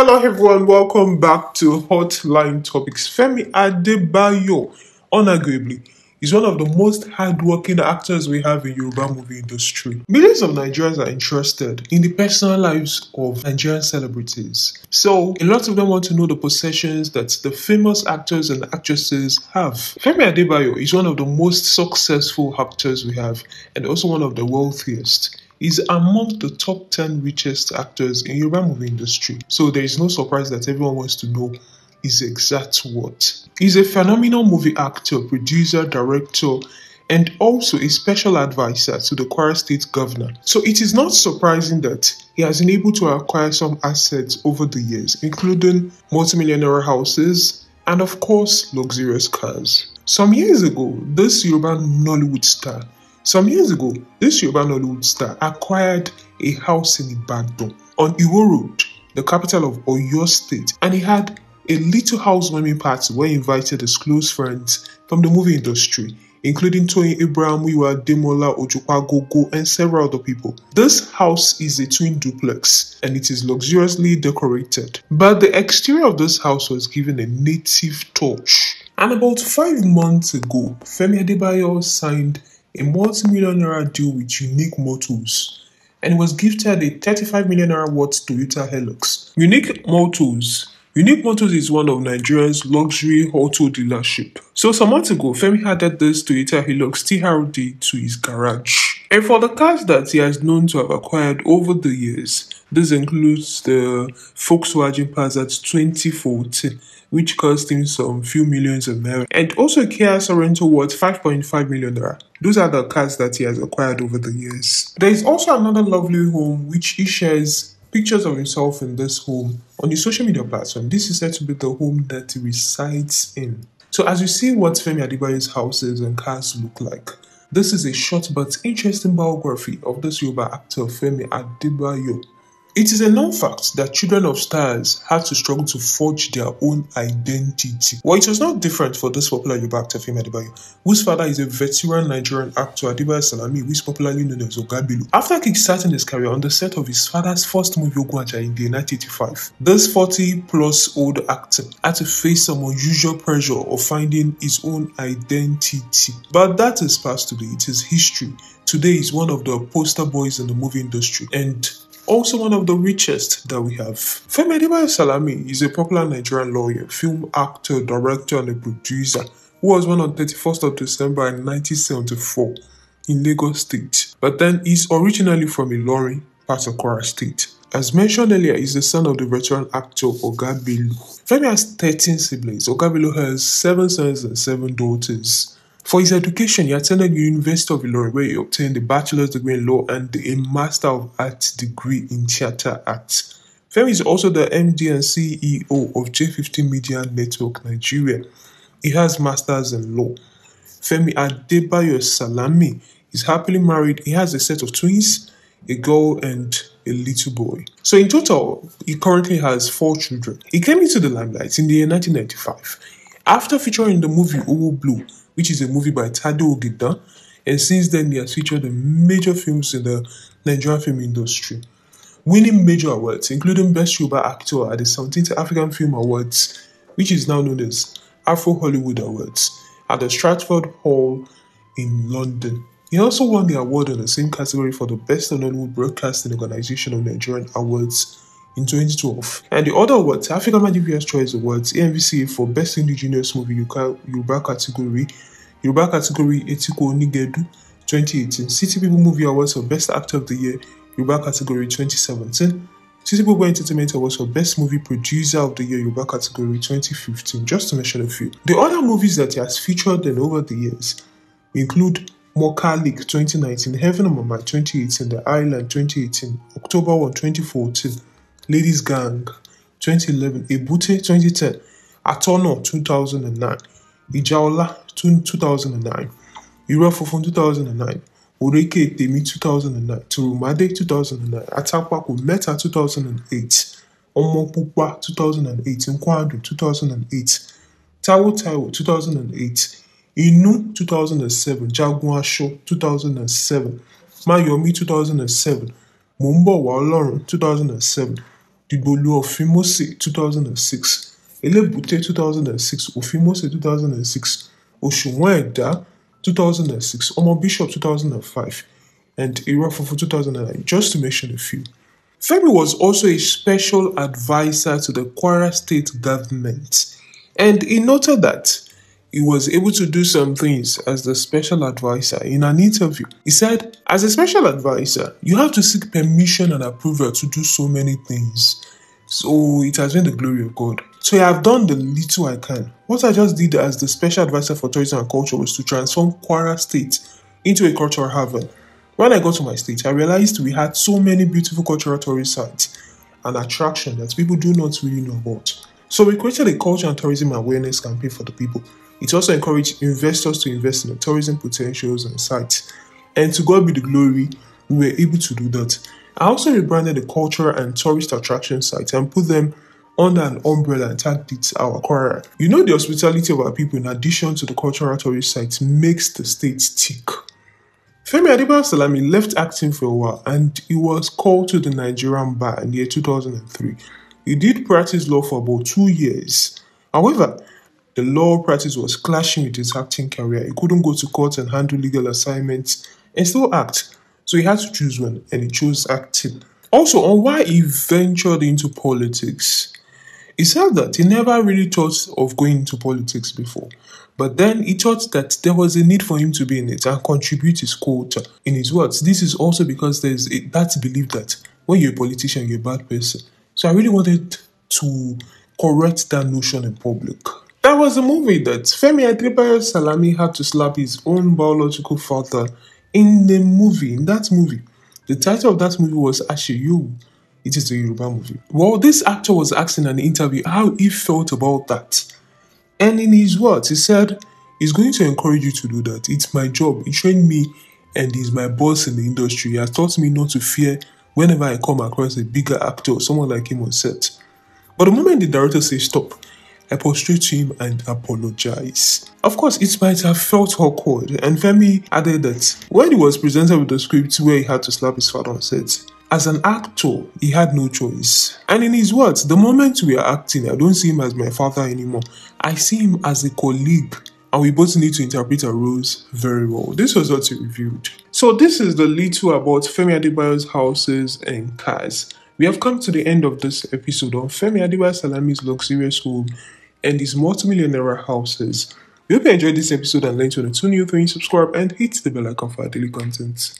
Hello everyone, welcome back to Hotline Topics. Femi Adebayo, unarguably, is one of the most hardworking actors we have in Yoruba movie industry. Millions of Nigerians are interested in the personal lives of Nigerian celebrities. So, a lot of them want to know the possessions that the famous actors and actresses have. Femi Adebayo is one of the most successful actors we have and also one of the wealthiest is among the top 10 richest actors in Yoruba movie industry. So there is no surprise that everyone wants to know his exact what. He's a phenomenal movie actor, producer, director, and also a special advisor to the Kwara State governor. So it is not surprising that he has been able to acquire some assets over the years, including multimillionaire houses and, of course, luxurious cars. Some years ago, this Yoruba Nollywood star some years ago, this Yoruba Nollywood star acquired a house in Ibadan on Iwo Road, the capital of Oyo State, and he had a little housewarming party where he invited his close friends from the movie industry, including Abraham, Ibrahimiwa, Demola Ojupagogo, and several other people. This house is a twin duplex and it is luxuriously decorated, but the exterior of this house was given a native touch. And about five months ago, Femi Adebayo signed a multi-million naira deal with Unique Motors and was gifted a 35 million naira worth Toyota Hilux. Unique Motors Unique Motors is one of Nigeria's luxury auto dealership. So some months ago, Femi added this Toyota Hilux TRD to his garage. And for the cars that he has known to have acquired over the years, this includes the Volkswagen Passat 2014 which cost him some few millions of naira. And also Kia rental worth 5.5 million naira. Those are the cars that he has acquired over the years. There is also another lovely home which he shares pictures of himself in this home on the social media platform. This is said to be the home that he resides in. So as you see what Femi Adibayo's houses and cars look like, this is a short but interesting biography of this Yoruba actor Femi Adibayo. It is a known fact that children of stars had to struggle to forge their own identity. Well, it was not different for this popular Yoruba actor Femi Adebayo, whose father is a veteran Nigerian actor Adebayo Salami, who is popularly known as Ogabilu. After kickstarting his career on the set of his father's first movie Ogun in in 1985, this 40-plus-old actor had to face some unusual pressure of finding his own identity. But that is past today; it is history. Today is one of the poster boys in the movie industry, and also one of the richest that we have. Femi Adebayo Salami is a popular Nigerian lawyer, film actor, director, and a producer who was born on 31st of December in 1974 in Lagos State, but then is originally from Ilorin, Kora State. As mentioned earlier, is the son of the veteran actor Ogabilu. Femi has 13 siblings. Ogabilu has 7 sons and 7 daughters. For his education, he attended the University of Ilorin, where he obtained a bachelor's degree in law and a master of arts degree in theater arts. Femi is also the MD and CEO of J50 Media Network Nigeria. He has masters in law. Femi Adebayo Salami is happily married. He has a set of twins, a girl, and a little boy. So in total, he currently has four children. He came into the limelight in the year 1995. After featuring the movie Owo Blue, which is a movie by Tade Ogida, and since then he has featured in major films in the Nigerian film industry, winning major awards, including Best Yoruba Actor at the 17th African Film Awards, which is now known as Afro Hollywood Awards, at the Stratford Hall in London. He also won the award in the same category for the Best Non-Hollywood Broadcasting Organization of Nigerian Awards in 2012. And the other awards, African Magic Choice Awards, AMVC for Best Indigenous Movie Yuba category, Yuba category Etiko Onigedu 2018, City People Movie Awards for Best Actor of the Year, Yuba category 2017, City People Entertainment Awards for Best Movie Producer of the Year Yuba category 2015, just to mention a few. The other movies that he has featured in over the years include Mocha League 2019, Heaven Mama 2018, The Island 2018, October 1, 2014, Ladies Gang 2011, Ebute 2010, Atono 2009, Ijaola 2009, Irafofun 2009, Oreke Temi 2009, Turumade 2009, Atapaku Meta 2008, Omopupa 2008, Nkwadu 2008, Taiwo Taiwo 2008, Inu 2007, Jagun show 2007, Mayomi 2007, Mumbo Wa 2007, of Fimose 2006, Elebute 2006, Ofimose 2006, Oṣuwọn Ẹ̀dá 2006, Omo Bishop 2005, and Irafufu 2009, just to mention a few. Femi was also a special advisor to the Kwara state government, and he noted that he was able to do some things as the special advisor in an interview. He said, As a special advisor, you have to seek permission and approval to do so many things. So it has been the glory of God. So I have done the little I can. What I just did as the special advisor for tourism and culture was to transform Kwara State into a cultural haven. When I got to my state, I realized we had so many beautiful cultural tourist sites and attractions that people do not really know about. So we created a culture and tourism awareness campaign for the people. It also encouraged investors to invest in the tourism potentials and sites. And to God be the glory, we were able to do that. I also rebranded the cultural and tourist attraction sites and put them under an umbrella and tagged it our quarrel. You know, the hospitality of our people, in addition to the cultural tourist sites, makes the state tick. Femi Adiba Salami left acting for a while and he was called to the Nigerian bar in the year 2003. He did practice law for about two years. However, the law practice was clashing with his acting career. He couldn't go to court and handle legal assignments and still act. So he had to choose one, and he chose acting. Also, on why he ventured into politics, he said that he never really thought of going into politics before, but then he thought that there was a need for him to be in it and contribute his quota. In his words, this is also because there's a, that belief that when you're a politician, you're a bad person. So I really wanted to correct that notion in public. That was a movie that Femi Adebayo Salami had to slap his own biological father in the movie, in that movie. The title of that movie was Ashiyu. It is a Yoruba movie. Well, this actor was asking in an interview how he felt about that. And in his words, he said, "He's going to encourage you to do that. It's my job. He trained me and he's my boss in the industry. He has taught me not to fear whenever I come across a bigger actor or someone like him on set. But the moment the director says stop, I prostrate to him and apologize. Of course, it might have felt awkward, and Femi added that when he was presented with the script where he had to slap his father on set, as an actor, he had no choice. And in his words, the moment we are acting, I don't see him as my father anymore. I see him as a colleague and we both need to interpret our roles very well. This was what he reviewed. So this is the little about Femi Adebayo's houses and cars. We have come to the end of this episode on Femi Adebayo Salami's luxurious home and these multimillionaire houses. We hope you enjoyed this episode and learned one or two new things. Subscribe and hit the bell icon for our daily content.